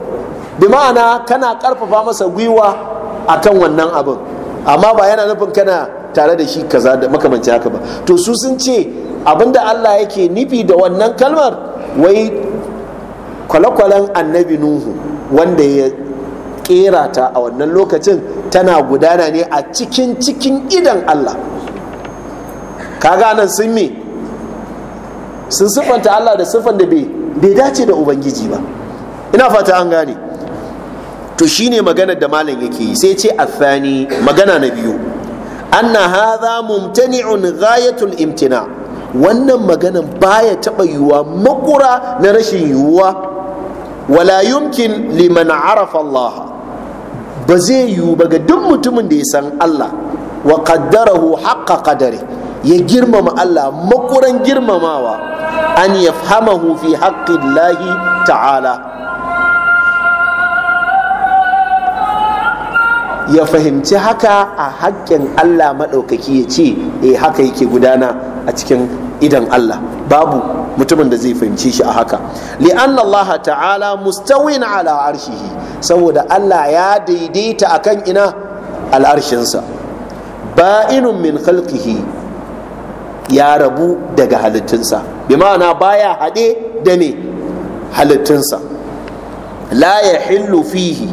bi ma'ana kana karfafa masa gwiwa a kan wannan abin amma ba yana nufin kana tare da shi kaza da makamanci haka ba to su sun ce abinda Allah yake nufi da wannan kalmar wai kwale-kwalen annabi nuhu wanda ya kera ta a wannan lokacin tana gudana ne a cikin cikin idan Allah kaga nan sun me sun siffanta Allah da siffan da bai dace da ubangiji ba ina fata an gane to shine magana da malam yake yi sai ce a athani magana na biyu anna hadha mumtani'un ghayatul imtina wannan maganan baya taba yiwuwa makura na rashin yiwuwa wala yumkin liman arafa Allah ba zai yiwu ba ga duk mutumin da ya san Allah wa qaddarahu haqqa qadari ya girmama Allah makuran girmamawa an yafhamahu fi haqqi Allah ta'ala ya fahimci haka a haƙƙin Allah maɗaukaki ya ce e haka yake gudana a cikin idan Allah babu mutumin da zai fahimci shi a haka li'an Allah ta'ala mustawin ala arshihi saboda Allah ya daidaita akan ina al'arshinsa ba'inun min khalqihi ya rabu daga halittunsa bi ma'ana baya haɗe da ne halittunsa la ya fihi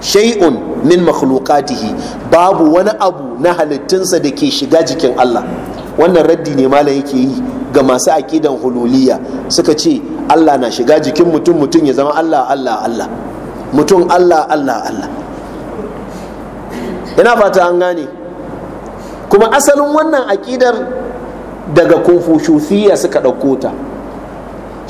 shay'un min makhluqatihi babu wani abu na halittunsa da ke shiga jikin Allah wannan raddi ne malam yake yi ga masu aƙidan hululiya suka ce Allah na shiga jikin mutum mutum ya zama Allah Allah Allah mutum Allah Allah Allah ina fata an gane kuma asalin wannan aƙidar daga konfushusiyya suka ɗauko ta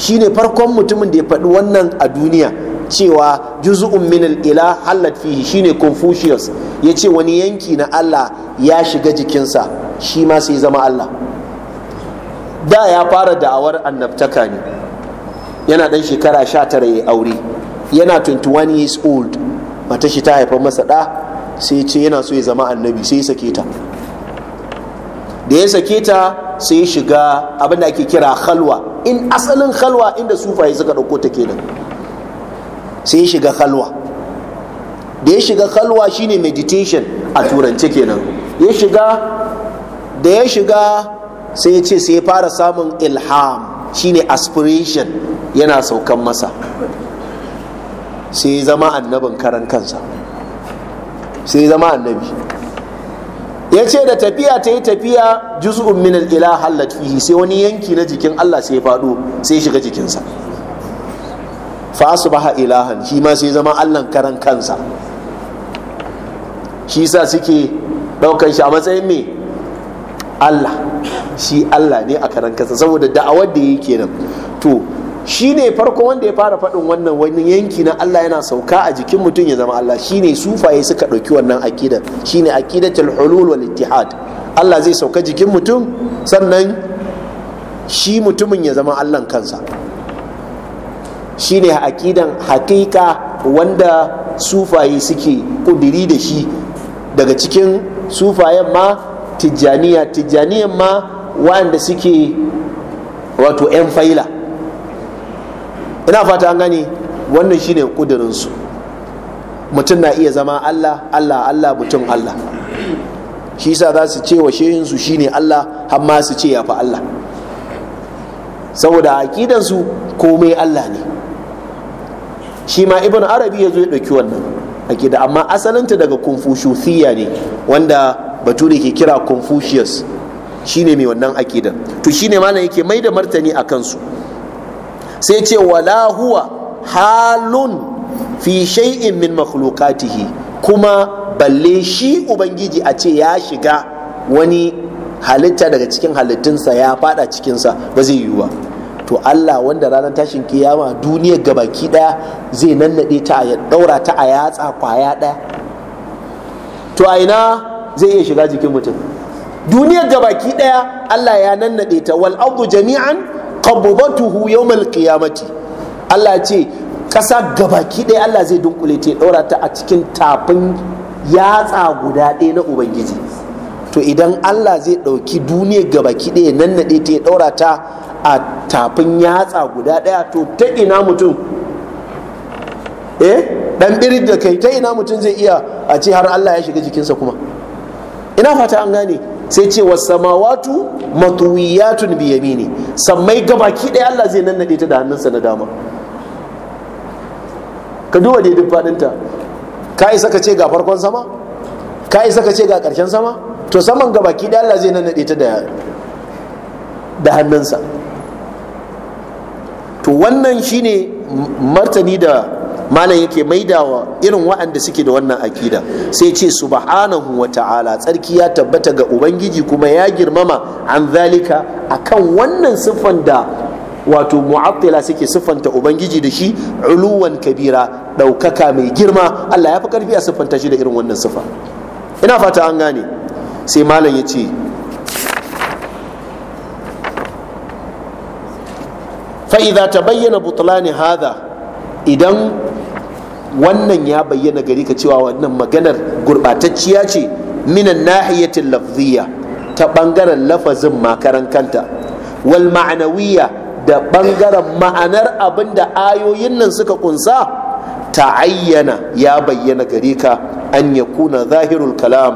shine farkon mutumin da ya faɗi wannan a duniya cewa juzu'un min al-ila hallat fihi shine confucius ya ce wani yanki na allah ya shiga jikinsa shi ma sai zama allah da ya fara da'awar annabtaka ne yana ɗan shekara 19 ya aure yana 21 years old mata shi ta haifar masa ɗa, sai ce yana so ya zama annabi sai ya sake ta da ya sake ta sai ya shiga abin da ake kira halwa in asalin halwa inda sufaye suka ɗauko ta kenan sai ya shiga halwa da ya shiga halwa shine meditation a turance kenan ya shiga da ya shiga sai ya ce sai ya fara samun ilham shine aspiration yana saukan masa sai ya zama annabin karan kansa sai ya zama annabi ya ce da tafiya ta yi tafiya juz'un min ila hallat fihi sai wani yanki na jikin Allah sai ya faɗo sai shiga jikinsa fa asbaha ilahan shi ma sai zama Allah karan kansa shi sa suke ɗaukar shi a matsayin mai. Allah shi Allah ne a karan kansa saboda da'awar da yake nan to shi ne farko wanda ya fara faɗin wannan wani yanki na Allah yana sauka a jikin mutum ya zama Allah shi ne sufaye suka ɗauki wannan akidar shi ne akidatul hulul wal ittihad Allah zai sauka jikin mutum sannan shi mutumin ya zama Allah kansa shi ne akidan hakika wanda sufaye suke ƙudiri da shi daga cikin sufayen ma tijjaniya tijjaniyan ma wa'anda suke wato 'yan faila ina fata an gani wannan shine kudurinsu mutum na iya zama allah allah allah mutum allah shi sa za su ce wa shehinsu shine allah amma su ce ya fi allah saboda aƙidansu komai allah ne shi ma ibn arabi ya zo ya ɗauki wannan aƙida amma asalinta daga confucius ne wanda bature ke kira confucius shine mai wannan aƙidan to shine malam yake mai da martani a kansu sai ce wala huwa halun fi shay'in min makhluqatihi kuma balle shi ubangiji a ce ya shiga wani halitta daga cikin halittunsa ya fada cikinsa ba zai yiwu ba to Allah wanda ranar tashin kiyama duniyar gabaki daya zai nannade ta a daura ta a yatsa kwaya daya to a ina zai iya shiga jikin mutum duniyar gabaki daya Allah ya nannade ta wal ardu jami'an qabdatuhu ya qiyamati Allah ce kasa gabaki ɗaya Allah zai dunkule ta ɗora ta a cikin tafin yatsa guda ɗaya na ubangiji to idan Allah zai ɗauki duniya gabaki ɗaya nan ɗaya ta ɗora ta a tafin yatsa guda ɗaya to ta ina mutum eh dan birin da kai ta ina mutum zai iya a ce har Allah ya shiga jikinsa kuma ina fata an gane sai ce wa samawatu matuwiyatun biya mini, sammai gabaki ɗaya Allah zai nannade ta da hannunsa na dama ka duba daidai faɗinta ka isa ka ce ga farkon sama ka isa ka ce ga ƙarshen sama to saman gabaki ɗaya Allah zai nannade ta da hannunsa to wannan shine martani da malam yake wa irin waɗanda suke da wannan akida sai ce subhanahu wa ta'ala tsarki ya tabbata ga ubangiji kuma ya girmama an zalika akan wannan siffan da wato mu'attila suke siffanta ubangiji da shi uluwan kabira ɗaukaka mai girma Allah ya fi karfi a siffanta shi da irin wannan siffa ina fata an gane sai malam ya ce fa'iza ta bayyana butlani hada idan wannan ya bayyana gari ka cewa wannan maganar gurɓatacciya ce minan nahiyatin lafziya ta ɓangaren lafazin makaran kanta wal ma'anawiya da ɓangaren ma'anar abinda da ayoyin nan suka kunsa ta ayyana ya bayyana gari ka an ya kuna zahirul kalam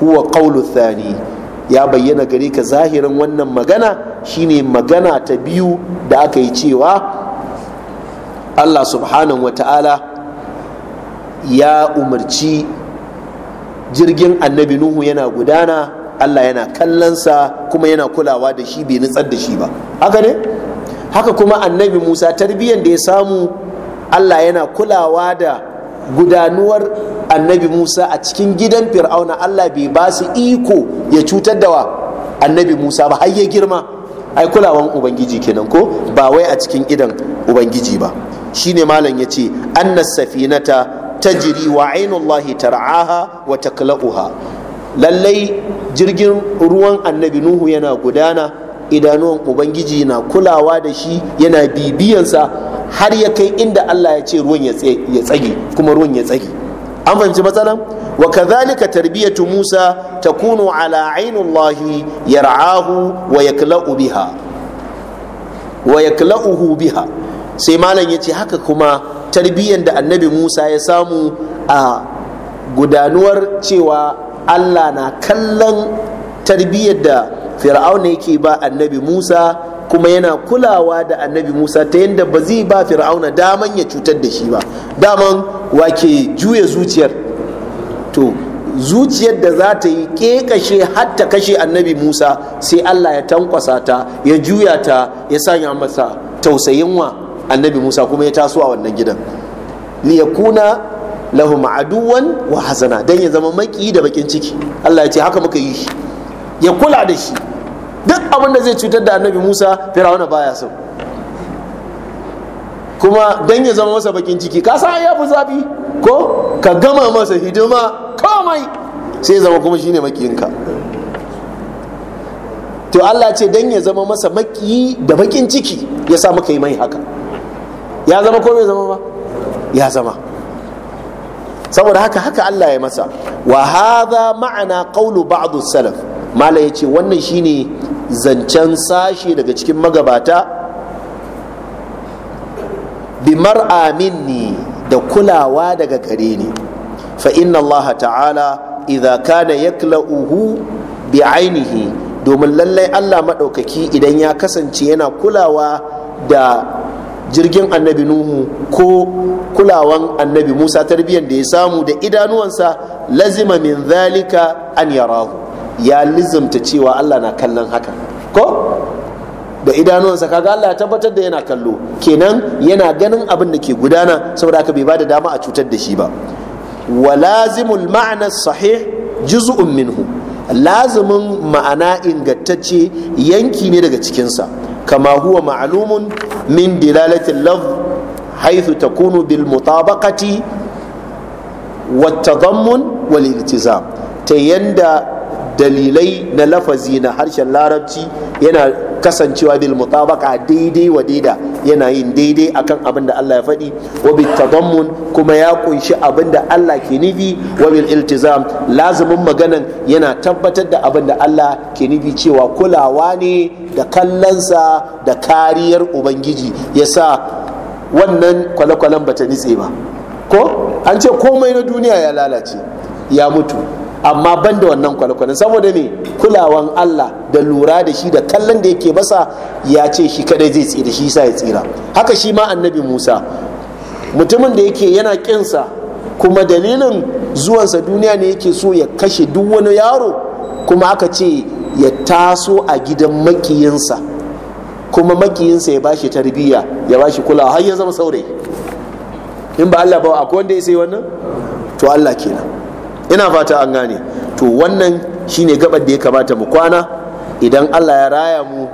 huwa qawlu thani ya bayyana gari ka zahirin wannan magana shine magana ta biyu da aka yi cewa Allah subhanahu wa ta'ala ya umarci jirgin annabi nuhu yana gudana allah yana kallonsa kuma yana kulawa da shi bai nutsar da shi ba haka ne haka kuma annabi musa tarbiyyar da ya samu allah yana kulawa da gudanuwar annabi musa a cikin gidan fir'auna allah bai ba su iko ya cutar da wa annabi musa ba har ya girma ai kulawan ubangiji kenan ko ba wai a cikin idan ubangiji ba shine malam ya ce annas safinata tajiri wa ainullahi tar'aha wa takla'uha lallai jirgin ruwan annabi nuhu yana gudana idanuwan ubangiji na kulawa da shi yana bibiyansa har ya kai inda allah ya ce ruwan ya tsage kuma ruwan ya tsage an fahimci matsalan wa kadhalika tarbiyatu musa takunu ala ainullahi yar'ahu wa yakla'u biha wa yakla'uhu biha sai malam ya ce haka kuma tarbiyyar da annabi musa ya samu a gudanuwar cewa allah na kallon tarbiyyar da fir'auna yake ba annabi musa kuma yana kulawa da annabi musa ta yadda ba zai ba fir'auna daman ya cutar da shi ba daman wake juya zuciyar to zuciyar da za ta yi ƙeƙashe hatta kashe annabi musa sai allah ya tankwasa ta ya juya ta ya sanya masa tausayin wa annabi musa kuma ya taso a wannan gidan liyakuna lahum aduwan wa hasana dan ya zama maki da bakin ciki Allah ya ce haka muka yi shi ya kula da shi duk abin da zai cutar da annabi Musa Fir'auna baya so kuma dan ya zama masa bakin ciki ka san ya fi zafi ko ka gama masa hidima komai sai zama kuma shine makiyinka to Allah ce dan ya zama masa maki da bakin ciki ya sa muka yi mai haka ya zama ko bai zama ba ya zama saboda haka haka Allah ya masa wa hadha ma'ana qawlu ba'd salaf mala yace wannan shine zancen sashi daga cikin magabata bi mar'a minni da kulawa daga gare ni fa inna Allah ta'ala idza kana yakla'uhu bi ainihi domin lallai Allah madaukaki idan ya kasance yana kulawa da jirgin annabi nuhu ko kulawan annabi musa tarbiyyar da ya samu da idanuwansa lazima min zalika an yarahu ya lizimta cewa allah na kallon haka ko da idanuwansa kaga allah ya tabbatar da yana kallo kenan yana ganin abin da ke gudana saboda haka bai ba da dama a cutar da shi ba walazimul ma'ana sahih juz'un minhu lazimin ma'ana ingantacce yanki ne daga cikinsa kama huwa ma'alumun min dilalatin lafz haythu takunu bil mutabaqati wat tadammun wal iltizam ta yanda dalilai na lafazi na harshen larabci yana kasancewa bil mutabaka daidai wa daida yana yin daidai akan abin da Allah ya faɗi wa bil tadammun kuma ya kunshi abin da Allah ke nufi wa bil iltizam lazumin maganan yana tabbatar da abin da Allah ke nufi cewa kulawa ne da kallonsa da kariyar ubangiji yasa wannan kwale-kwalen bata nitse ba ko an ce komai na duniya ya lalace ya mutu amma ban da wannan kwale saboda ne kulawan Allah da lura da shi da kallon da yake masa ya ce shi kadai zai tsira shi sa ya tsira haka shi ma annabi Musa mutumin da yake yana kinsa kuma dalilin zuwansa duniya ne yake so ya kashe duk wani yaro kuma aka ce ya taso a gidan makiyinsa kuma makiyinsa ya bashi tarbiyya ya bashi kulawa har ya zama saurayi in ba Allah ba akwai wanda ya sai wannan to Allah kenan ina fata an gane to wannan shine gabar da ya kamata mu kwana idan allah ya raya mu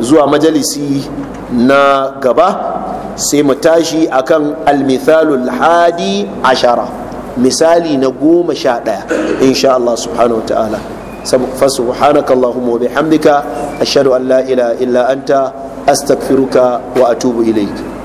zuwa majalisi na gaba sai mu tashi akan almithalul hadi ashara misali na goma sha ɗaya insha allah subhanahu wa ta'ala فسبحانك اللهم وبحمدك أشهد أن لا إله إلا أنت أستغفرك وأتوب إليك